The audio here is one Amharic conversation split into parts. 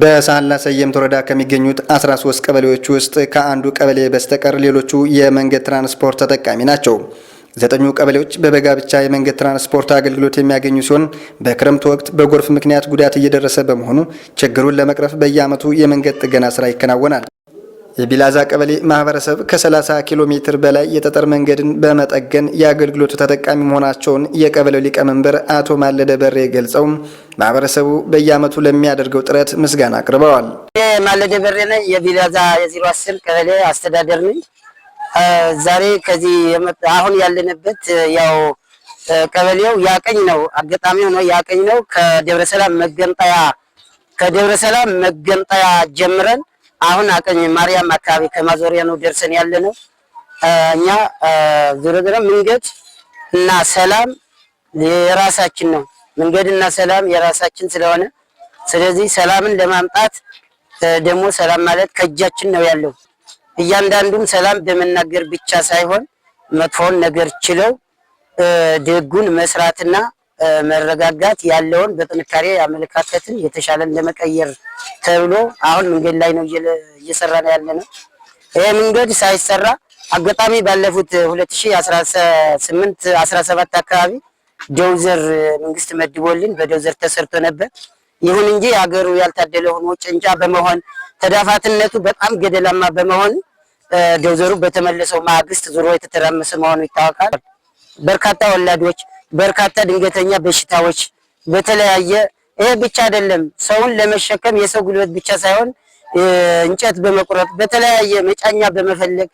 በሳህላ ሰየምት ወረዳ ከሚገኙት 13 ቀበሌዎች ውስጥ ከአንዱ ቀበሌ በስተቀር ሌሎቹ የመንገድ ትራንስፖርት ተጠቃሚ ናቸው። ዘጠኙ ቀበሌዎች በበጋ ብቻ የመንገድ ትራንስፖርት አገልግሎት የሚያገኙ ሲሆን በክረምት ወቅት በጎርፍ ምክንያት ጉዳት እየደረሰ በመሆኑ ችግሩን ለመቅረፍ በየዓመቱ የመንገድ ጥገና ስራ ይከናወናል። የቢላዛ ቀበሌ ማህበረሰብ ከ30 ኪሎ ሜትር በላይ የጠጠር መንገድን በመጠገን የአገልግሎቱ ተጠቃሚ መሆናቸውን የቀበሌው ሊቀመንበር አቶ ማለደ በሬ ገልጸው ማህበረሰቡ በየዓመቱ ለሚያደርገው ጥረት ምስጋና አቅርበዋል። ማለደ በሬ ነኝ። የቢላዛ የዜሮ አስር ቀበሌ አስተዳደር ነኝ። ዛሬ ከዚህ አሁን ያለንበት ያው ቀበሌው ያቀኝ ነው። አጋጣሚ ሆኖ ያቀኝ ነው። ከደብረሰላም መገንጠያ ከደብረሰላም መገንጠያ ጀምረን አሁን አቀኝ ማርያም አካባቢ ከማዞሪያ ነው ደርሰን ያለ ነው። እኛ ዞሮ መንገድ እና ሰላም የራሳችን ነው። እና ሰላም የራሳችን ስለሆነ ስለዚህ ሰላምን ለማምጣት ደግሞ ሰላም ማለት ከእጃችን ነው ያለው። እያንዳንዱም ሰላም በመናገር ብቻ ሳይሆን መጥፎን ነገር ችለው ደጉን መስራትና መረጋጋት ያለውን በጥንካሬ አመለካከትን የተሻለን ለመቀየር ተብሎ አሁን መንገድ ላይ ነው እየሰራ ነው ያለ ነው። ይሄ መንገድ ሳይሰራ አጋጣሚ ባለፉት 2018 17 አካባቢ ዶዘር መንግስት መድቦልን በዶዘር ተሰርቶ ነበር። ይሁን እንጂ አገሩ ያልታደለ ሆኖ ጭንጫ በመሆን ተዳፋትነቱ በጣም ገደላማ በመሆን ዶዘሩ በተመለሰው ማግስት ዙሮ የተተራመሰ መሆኑ ይታወቃል። በርካታ ወላዶች በርካታ ድንገተኛ በሽታዎች በተለያየ ይህ ብቻ አይደለም። ሰውን ለመሸከም የሰው ጉልበት ብቻ ሳይሆን እንጨት በመቁረጥ በተለያየ መጫኛ በመፈለግ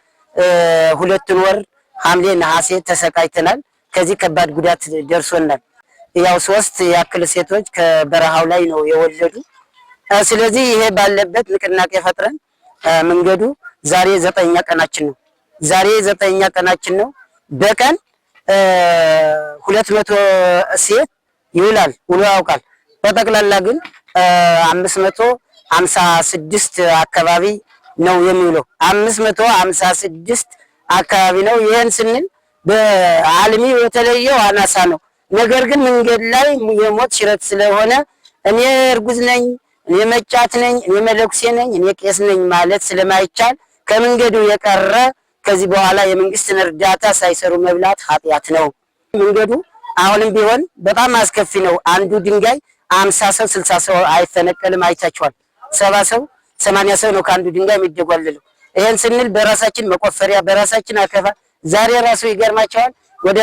ሁለቱን ወር ሐምሌ፣ ነሐሴ ተሰቃይተናል። ከዚህ ከባድ ጉዳት ደርሶናል። ያው ሶስት ያክል ሴቶች ከበረሃው ላይ ነው የወለዱ። ስለዚህ ይሄ ባለበት ንቅናቄ ፈጥረን መንገዱ ዛሬ ዘጠኛ ቀናችን ነው። ዛሬ ዘጠኛ ቀናችን ነው በቀን ሁለት መቶ ሴት ይውላል ውሎ ያውቃል። በጠቅላላ ግን አምስት መቶ ሀምሳ ስድስት አካባቢ ነው የሚውለው። አምስት መቶ ሀምሳ ስድስት አካባቢ ነው። ይህን ስንል በአልሚ የተለየው አናሳ ነው። ነገር ግን መንገድ ላይ የሞት ሽረት ስለሆነ እኔ እርጉዝ ነኝ፣ እኔ መጫት ነኝ፣ እኔ መለኩሴ ነኝ፣ እኔ ቄስ ነኝ ማለት ስለማይቻል ከመንገዱ የቀረ ከዚህ በኋላ የመንግስትን እርዳታ ሳይሰሩ መብላት ኃጢአት ነው። መንገዱ አሁንም ቢሆን በጣም አስከፊ ነው። አንዱ ድንጋይ አምሳ ሰው ስልሳ ሰው አይፈነቀልም። አይታችኋል። ሰባ ሰው ሰማንያ ሰው ነው ከአንዱ ድንጋይ የሚደጓለለው። ይህን ስንል በራሳችን መቆፈሪያ በራሳችን አከፋ ዛሬ ራሱ ይገርማቸዋል ወደ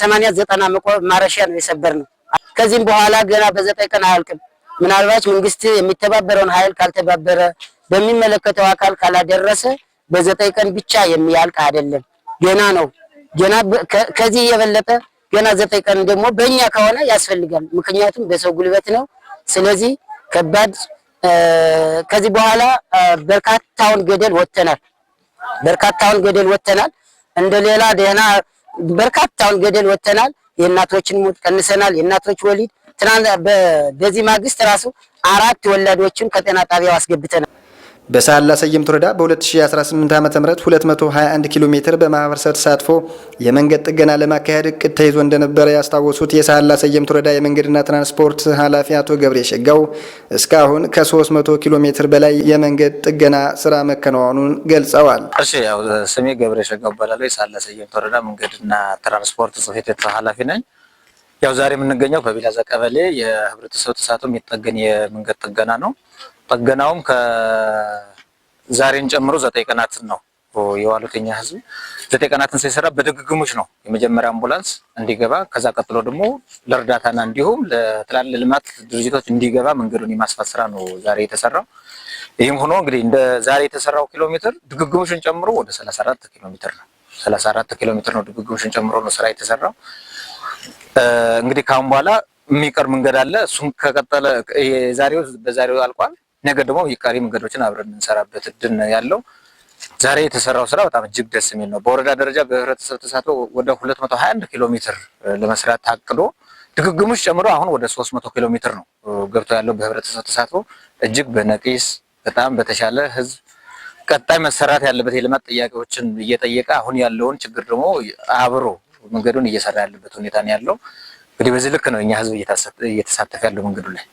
ሰማንያ ዘጠና ማረሻ ነው የሰበር ነው። ከዚህም በኋላ ገና በዘጠኝ ቀን አያልቅም። ምናልባት መንግስት የሚተባበረውን ኃይል ካልተባበረ በሚመለከተው አካል ካላደረሰ በዘጠኝ ቀን ብቻ የሚያልቅ አይደለም። ገና ነው። ገና ከዚህ የበለጠ ገና ዘጠኝ ቀን ደግሞ በእኛ ከሆነ ያስፈልጋል። ምክንያቱም በሰው ጉልበት ነው። ስለዚህ ከባድ ከዚህ በኋላ በርካታውን ገደል ወተናል። በርካታውን ገደል ወተናል። እንደ ሌላ ደህና በርካታውን ገደል ወተናል። የእናቶችን ሞት ቀንሰናል። የእናቶች ወሊድ በዚህ ማግስት ራሱ አራት ወላዶችን ከጤና ጣቢያው አስገብተናል። በሳህላ ሰየምት ወረዳ በ2018 ዓ ም 221 ኪሎ ሜትር በማህበረሰብ ተሳትፎ የመንገድ ጥገና ለማካሄድ እቅድ ተይዞ እንደነበረ ያስታወሱት የሳህላ ሰየምት ወረዳ የመንገድና ትራንስፖርት ኃላፊ አቶ ገብሬ ሸጋው እስካሁን ከ300 ኪሎ ሜትር በላይ የመንገድ ጥገና ስራ መከናወኑን ገልጸዋል። እሺ፣ ያው ስሜ ገብሬ ሸጋው እባላለሁ። የሳህላ ሰየምት ወረዳ መንገድና ትራንስፖርት ጽሕፈት ቤት ኃላፊ ነኝ። ያው ዛሬ የምንገኘው በቢላዛ ቀበሌ የህብረተሰብ ተሳትፎ የሚጠገን የመንገድ ጥገና ነው። ጥገናውም ከዛሬን ጨምሮ ዘጠኝ ቀናትን ነው የዋሉት የኛ ህዝብ ዘጠኝ ቀናትን ሳይሰራ በድግግሞች ነው የመጀመሪያ አምቡላንስ እንዲገባ ከዛ ቀጥሎ ደግሞ ለእርዳታና እንዲሁም ለትላል ልማት ድርጅቶች እንዲገባ መንገዱን የማስፋት ስራ ነው ዛሬ የተሰራው። ይህም ሆኖ እንግዲህ እንደ ዛሬ የተሰራው ኪሎ ሜትር ድግግሞችን ጨምሮ ወደ አራት ኪሎ ሜትር ነው። አራት ኪሎ ሜትር ነው ድግግሞችን ጨምሮ ነው ስራ የተሰራው። እንግዲህ ካሁን በኋላ የሚቀር መንገድ አለ። እሱም ከቀጠለ የዛሬው በዛሬው አልቋል። ነገር ደግሞ የቃሪ መንገዶችን አብረን የምንሰራበት እድል ያለው። ዛሬ የተሰራው ስራ በጣም እጅግ ደስ የሚል ነው። በወረዳ ደረጃ በህብረተሰብ ተሳትፎ ወደ 221 ኪሎ ሜትር ለመስራት ታቅዶ ድግግሞች ጨምሮ አሁን ወደ 300 ኪሎ ሜትር ነው ገብቶ ያለው በህብረተሰብ ተሳትፎ እጅግ በነቂስ በጣም በተሻለ ህዝብ ቀጣይ መሰራት ያለበት የልማት ጥያቄዎችን እየጠየቀ አሁን ያለውን ችግር ደግሞ አብሮ መንገዱን እየሰራ ያለበት ሁኔታ ነው ያለው። እንግዲህ በዚህ ልክ ነው እኛ ህዝብ እየተሳተፈ ያለው መንገዱ ላይ